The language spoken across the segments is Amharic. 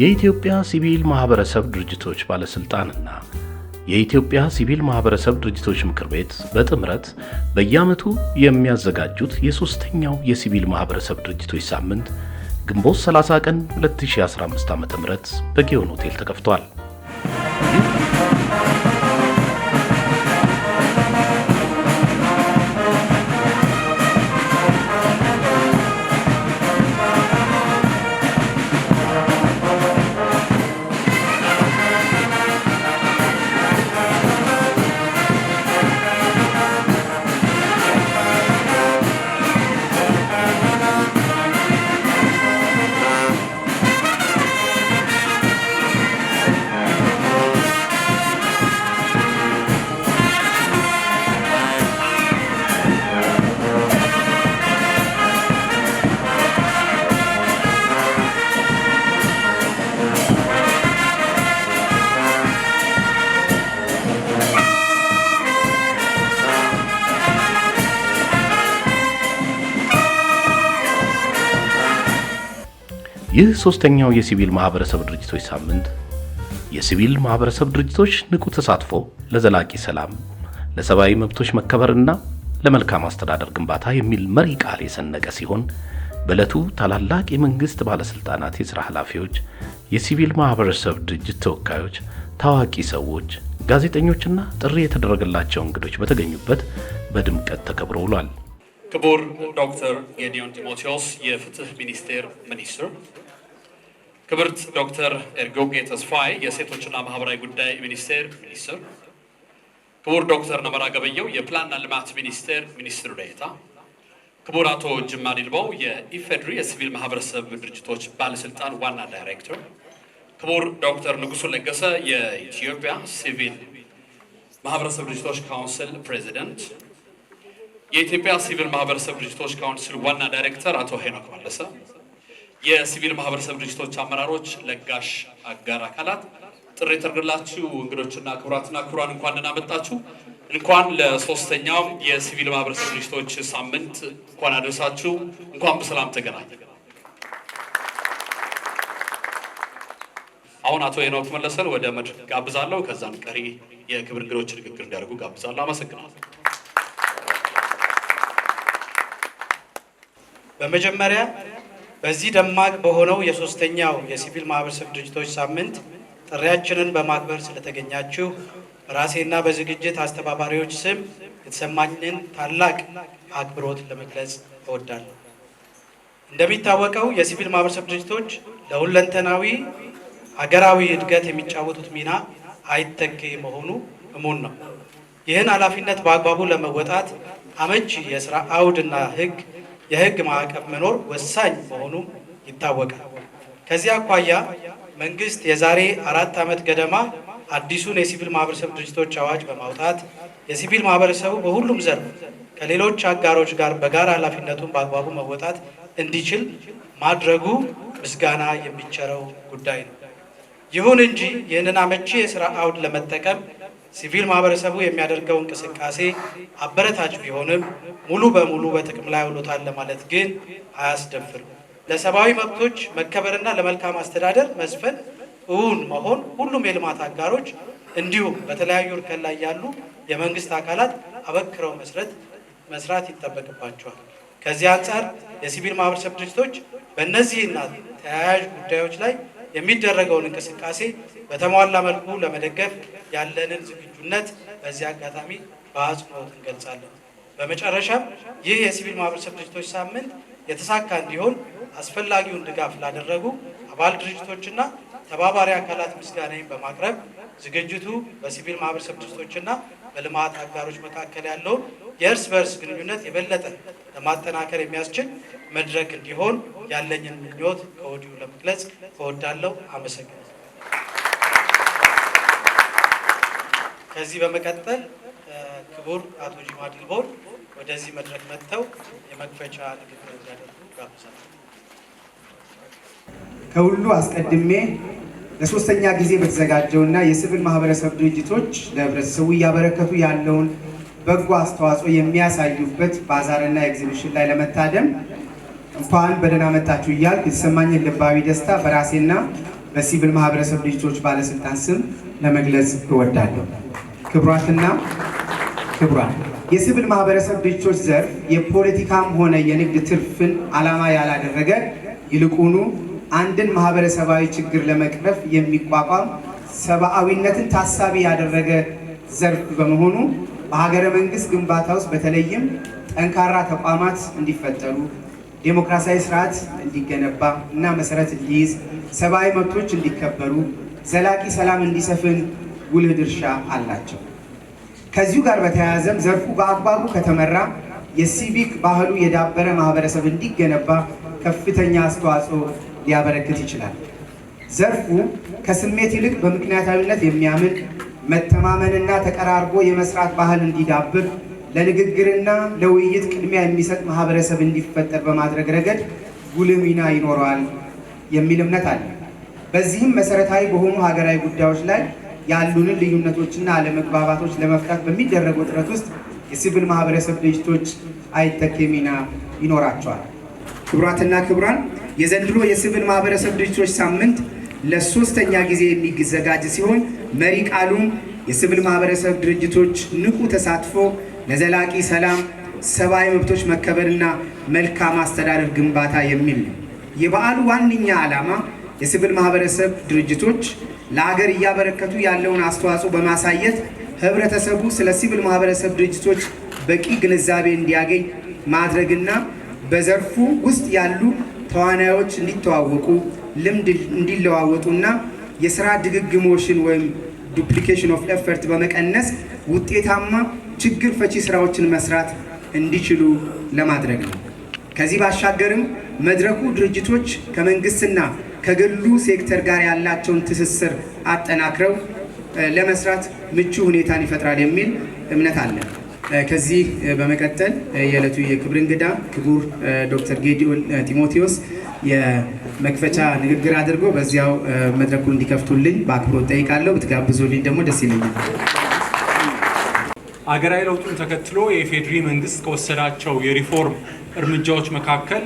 የኢትዮጵያ ሲቪል ማህበረሰብ ድርጅቶች ባለስልጣንና የኢትዮጵያ ሲቪል ማህበረሰብ ድርጅቶች ምክር ቤት በጥምረት በየዓመቱ የሚያዘጋጁት የሶስተኛው የሲቪል ማህበረሰብ ድርጅቶች ሳምንት ግንቦት 30 ቀን 2015 ዓ.ም በጊዮን ሆቴል ተከፍቷል። ይህ ሶስተኛው የሲቪል ማህበረሰብ ድርጅቶች ሳምንት የሲቪል ማህበረሰብ ድርጅቶች ንቁ ተሳትፎ ለዘላቂ ሰላም፣ ለሰብአዊ መብቶች መከበርና ለመልካም አስተዳደር ግንባታ የሚል መሪ ቃል የሰነቀ ሲሆን በዕለቱ ታላላቅ የመንግስት ባለስልጣናት፣ የሥራ ኃላፊዎች፣ የሲቪል ማህበረሰብ ድርጅት ተወካዮች፣ ታዋቂ ሰዎች፣ ጋዜጠኞችና ጥሪ የተደረገላቸው እንግዶች በተገኙበት በድምቀት ተከብሮ ውሏል። ክቡር ዶክተር ጌዲዮን ጢሞቴዎስ የፍትህ ሚኒስቴር ሚኒስትር ክብርት ዶክተር ኤርጎጌ ተስፋዬ የሴቶችና ማህበራዊ ጉዳይ ሚኒስቴር ሚኒስትር፣ ክቡር ዶክተር ነመራ ገበየው የፕላንና ልማት ሚኒስቴር ሚኒስትር ዴኤታ፣ ክቡር አቶ ጅማ ዲልባው የኢፌድሪ የሲቪል ማህበረሰብ ድርጅቶች ባለስልጣን ዋና ዳይሬክተር፣ ክቡር ዶክተር ንጉሱ ለገሰ የኢትዮጵያ ሲቪል ማህበረሰብ ድርጅቶች ካውንስል ፕሬዚደንት፣ የኢትዮጵያ ሲቪል ማህበረሰብ ድርጅቶች ካውንስል ዋና ዳይሬክተር አቶ ሄኖክ መለሰ የሲቪል ማህበረሰብ ድርጅቶች አመራሮች፣ ለጋሽ አጋር አካላት ጥሪ ተደርግላችሁ እንግዶችና ክቡራትና ክቡራን እንኳን ደህና መጣችሁ። እንኳን ለሶስተኛው የሲቪል ማህበረሰብ ድርጅቶች ሳምንት እንኳን አደረሳችሁ። እንኳን በሰላም ተገናኘ። አሁን አቶ ሄኖክ መለሰን ወደ መድረክ ጋብዛለሁ። ከዛን ቀሪ የክብር እንግዶች ንግግር እንዲያደርጉ ጋብዛለሁ። አመሰግናለሁ። በመጀመሪያ በዚህ ደማቅ በሆነው የሶስተኛው የሲቪል ማህበረሰብ ድርጅቶች ሳምንት ጥሪያችንን በማክበር ስለተገኛችሁ በራሴና በዝግጅት አስተባባሪዎች ስም የተሰማኝን ታላቅ አክብሮት ለመግለጽ እወዳለሁ። እንደሚታወቀው የሲቪል ማህበረሰብ ድርጅቶች ለሁለንተናዊ ሀገራዊ እድገት የሚጫወቱት ሚና አይተኬ መሆኑ እሙን ነው። ይህን ኃላፊነት በአግባቡ ለመወጣት አመቺ የስራ አውድና ህግ የህግ ማዕቀፍ መኖር ወሳኝ መሆኑ ይታወቃል። ከዚህ አኳያ መንግስት የዛሬ አራት ዓመት ገደማ አዲሱን የሲቪል ማህበረሰብ ድርጅቶች አዋጅ በማውጣት የሲቪል ማህበረሰቡ በሁሉም ዘርፍ ከሌሎች አጋሮች ጋር በጋራ ኃላፊነቱን በአግባቡ መወጣት እንዲችል ማድረጉ ምስጋና የሚቸረው ጉዳይ ነው። ይሁን እንጂ ይህንን አመቺ የስራ አውድ ለመጠቀም ሲቪል ማህበረሰቡ የሚያደርገው እንቅስቃሴ አበረታች ቢሆንም ሙሉ በሙሉ በጥቅም ላይ ውሎታል ለማለት ግን አያስደፍርም። ለሰብአዊ መብቶች መከበርና ለመልካም አስተዳደር መስፈን እውን መሆን ሁሉም የልማት አጋሮች እንዲሁም በተለያዩ እርከን ላይ ያሉ የመንግስት አካላት አበክረው መስረት መስራት ይጠበቅባቸዋል። ከዚህ አንጻር የሲቪል ማህበረሰብ ድርጅቶች በእነዚህና ተያያዥ ጉዳዮች ላይ የሚደረገውን እንቅስቃሴ በተሟላ መልኩ ለመደገፍ ያለንን ዝግጁነት በዚህ አጋጣሚ በአጽንኦት እንገልጻለን። በመጨረሻም ይህ የሲቪል ማህበረሰብ ድርጅቶች ሳምንት የተሳካ እንዲሆን አስፈላጊውን ድጋፍ ላደረጉ አባል ድርጅቶችና ተባባሪ አካላት ምስጋናዬን በማቅረብ ዝግጅቱ በሲቪል ማህበረሰብ ድርጅቶችና በልማት አጋሮች መካከል ያለውን የእርስ በእርስ ግንኙነት የበለጠ ለማጠናከር የሚያስችል መድረክ እንዲሆን ያለኝን ምኞት ከወዲሁ ለመግለጽ እወዳለሁ። አመሰግናለሁ። ከዚህ በመቀጠል ክቡር አቶ ጂማ ዲልቦን ወደዚህ መድረክ መጥተው የመክፈቻ ንግግር እንዲያደርጉ ጋብዛለሁ። ከሁሉ አስቀድሜ ለሶስተኛ ጊዜ በተዘጋጀውና የሲቪል ማህበረሰብ ድርጅቶች ለህብረተሰቡ እያበረከቱ ያለውን በጎ አስተዋጽኦ የሚያሳዩበት ባዛርና ኤግዚቢሽን ላይ ለመታደም እንኳን በደህና መጣችሁ እያል የተሰማኝን ልባዊ ደስታ በራሴና በሲቪል ማህበረሰብ ድርጅቶች ባለስልጣን ስም ለመግለጽ እወዳለሁ። ክቡራትና ክቡራን፣ የሲቪል ማህበረሰብ ድርጅቶች ዘርፍ የፖለቲካም ሆነ የንግድ ትርፍን ዓላማ ያላደረገ ይልቁኑ አንድን ማህበረሰባዊ ችግር ለመቅረፍ የሚቋቋም ሰብአዊነትን ታሳቢ ያደረገ ዘርፍ በመሆኑ በሀገረ መንግስት ግንባታ ውስጥ በተለይም ጠንካራ ተቋማት እንዲፈጠሩ ዴሞክራሲያዊ ስርዓት እንዲገነባ እና መሰረት እንዲይዝ፣ ሰብአዊ መብቶች እንዲከበሩ፣ ዘላቂ ሰላም እንዲሰፍን ጉልህ ድርሻ አላቸው። ከዚሁ ጋር በተያያዘም ዘርፉ በአግባቡ ከተመራ የሲቪክ ባህሉ የዳበረ ማህበረሰብ እንዲገነባ ከፍተኛ አስተዋጽኦ ሊያበረክት ይችላል። ዘርፉ ከስሜት ይልቅ በምክንያታዊነት የሚያምን መተማመንና ተቀራርቦ የመስራት ባህል እንዲዳብር ለንግግርና ለውይይት ቅድሚያ የሚሰጥ ማህበረሰብ እንዲፈጠር በማድረግ ረገድ ጉልህ ሚና ይኖረዋል የሚል እምነት አለ። በዚህም መሰረታዊ በሆኑ ሀገራዊ ጉዳዮች ላይ ያሉንን ልዩነቶችና አለመግባባቶች ለመፍታት በሚደረገው ጥረት ውስጥ የሲቪል ማህበረሰብ ድርጅቶች አይተኬ ሚና ይኖራቸዋል። ክቡራትና ክቡራን፣ የዘንድሮ የሲቪል ማህበረሰብ ድርጅቶች ሳምንት ለሶስተኛ ጊዜ የሚዘጋጅ ሲሆን መሪ ቃሉም የሲቪል ማህበረሰብ ድርጅቶች ንቁ ተሳትፎ ለዘላቂ ሰላም፣ ሰብአዊ መብቶች መከበርና መልካም አስተዳደር ግንባታ የሚል ነው። የበዓሉ ዋነኛ ዓላማ የሲቪል ማህበረሰብ ድርጅቶች ለሀገር እያበረከቱ ያለውን አስተዋጽኦ በማሳየት ህብረተሰቡ ስለ ሲቪል ማህበረሰብ ድርጅቶች በቂ ግንዛቤ እንዲያገኝ ማድረግና በዘርፉ ውስጥ ያሉ ተዋናዮች እንዲተዋወቁ ልምድ እንዲለዋወጡና የስራ ድግግሞሽን ወይም ዱፕሊኬሽን ኦፍ ኤፈርት በመቀነስ ውጤታማ ችግር ፈቺ ስራዎችን መስራት እንዲችሉ ለማድረግ ነው። ከዚህ ባሻገርም መድረኩ ድርጅቶች ከመንግስትና ከግሉ ሴክተር ጋር ያላቸውን ትስስር አጠናክረው ለመስራት ምቹ ሁኔታን ይፈጥራል የሚል እምነት አለ። ከዚህ በመቀጠል የዕለቱ የክብር እንግዳ ክቡር ዶክተር ጌዲዮን ጢሞቴዎስ የመክፈቻ ንግግር አድርጎ በዚያው መድረኩ እንዲከፍቱልኝ በአክብሮት ጠይቃለሁ። ብትጋብዙልኝ ደግሞ ደስ ይለኛል። አገራዊ ለውጡን ተከትሎ የኢፌዴሪ መንግስት ከወሰዳቸው የሪፎርም እርምጃዎች መካከል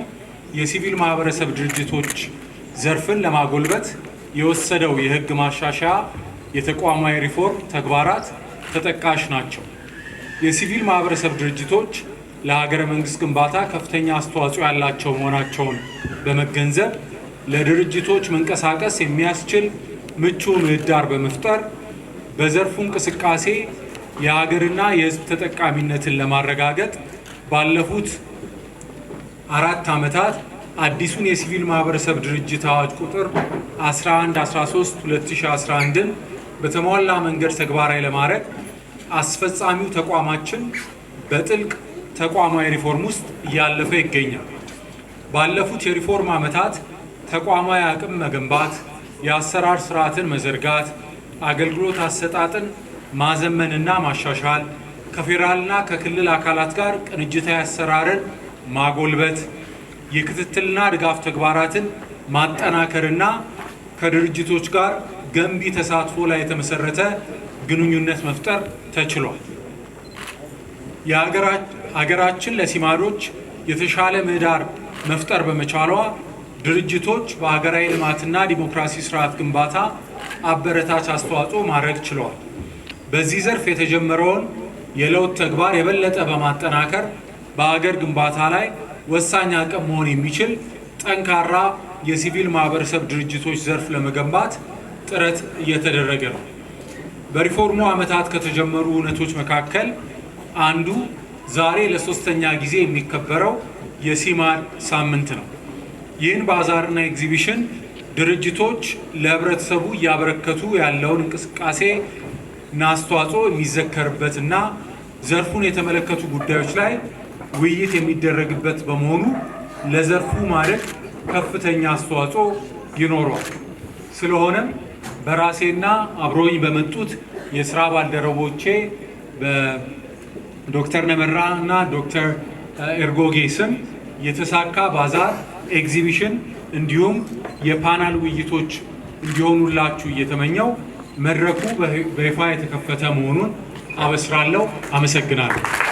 የሲቪል ማህበረሰብ ድርጅቶች ዘርፍን ለማጎልበት የወሰደው የህግ ማሻሻያ የተቋማዊ ሪፎርም ተግባራት ተጠቃሽ ናቸው። የሲቪል ማህበረሰብ ድርጅቶች ለሀገረ መንግስት ግንባታ ከፍተኛ አስተዋጽኦ ያላቸው መሆናቸውን በመገንዘብ ለድርጅቶች መንቀሳቀስ የሚያስችል ምቹ ምህዳር በመፍጠር በዘርፉ እንቅስቃሴ የሀገርና የህዝብ ተጠቃሚነትን ለማረጋገጥ ባለፉት አራት ዓመታት አዲሱን የሲቪል ማህበረሰብ ድርጅት አዋጅ ቁጥር 1113 2011ን በተሟላ መንገድ ተግባራዊ ለማድረግ አስፈጻሚው ተቋማችን በጥልቅ ተቋማዊ ሪፎርም ውስጥ እያለፈ ይገኛል። ባለፉት የሪፎርም ዓመታት ተቋማዊ አቅም መገንባት፣ የአሰራር ስርዓትን መዘርጋት፣ አገልግሎት አሰጣጥን ማዘመንና ማሻሻል፣ ከፌዴራልና ከክልል አካላት ጋር ቅንጅታዊ አሰራርን ማጎልበት፣ የክትትልና ድጋፍ ተግባራትን ማጠናከርና ከድርጅቶች ጋር ገንቢ ተሳትፎ ላይ የተመሰረተ ግንኙነት መፍጠር ተችሏል። ሀገራችን ለሲማዶች የተሻለ ምህዳር መፍጠር በመቻሏ ድርጅቶች በሀገራዊ ልማትና ዲሞክራሲ ስርዓት ግንባታ አበረታች አስተዋጽኦ ማድረግ ችለዋል። በዚህ ዘርፍ የተጀመረውን የለውጥ ተግባር የበለጠ በማጠናከር በሀገር ግንባታ ላይ ወሳኝ አቅም መሆን የሚችል ጠንካራ የሲቪል ማህበረሰብ ድርጅቶች ዘርፍ ለመገንባት ጥረት እየተደረገ ነው። በሪፎርሙ ዓመታት ከተጀመሩ እውነቶች መካከል አንዱ ዛሬ ለሶስተኛ ጊዜ የሚከበረው የሲማር ሳምንት ነው። ይህን ባዛርና ኤግዚቢሽን ድርጅቶች ለህብረተሰቡ እያበረከቱ ያለውን እንቅስቃሴና አስተዋጽኦ የሚዘከርበትና ዘርፉን የተመለከቱ ጉዳዮች ላይ ውይይት የሚደረግበት በመሆኑ ለዘርፉ ማደግ ከፍተኛ አስተዋጽኦ ይኖረዋል። ስለሆነም በራሴና አብሮኝ በመጡት የስራ ባልደረቦቼ ዶክተር ነመራ እና ዶክተር ኤርጎጌ ስም የተሳካ ባዛር ኤግዚቢሽን እንዲሁም የፓናል ውይይቶች እንዲሆኑላችሁ እየተመኘው መድረኩ በይፋ የተከፈተ መሆኑን አበስራለሁ። አመሰግናለሁ።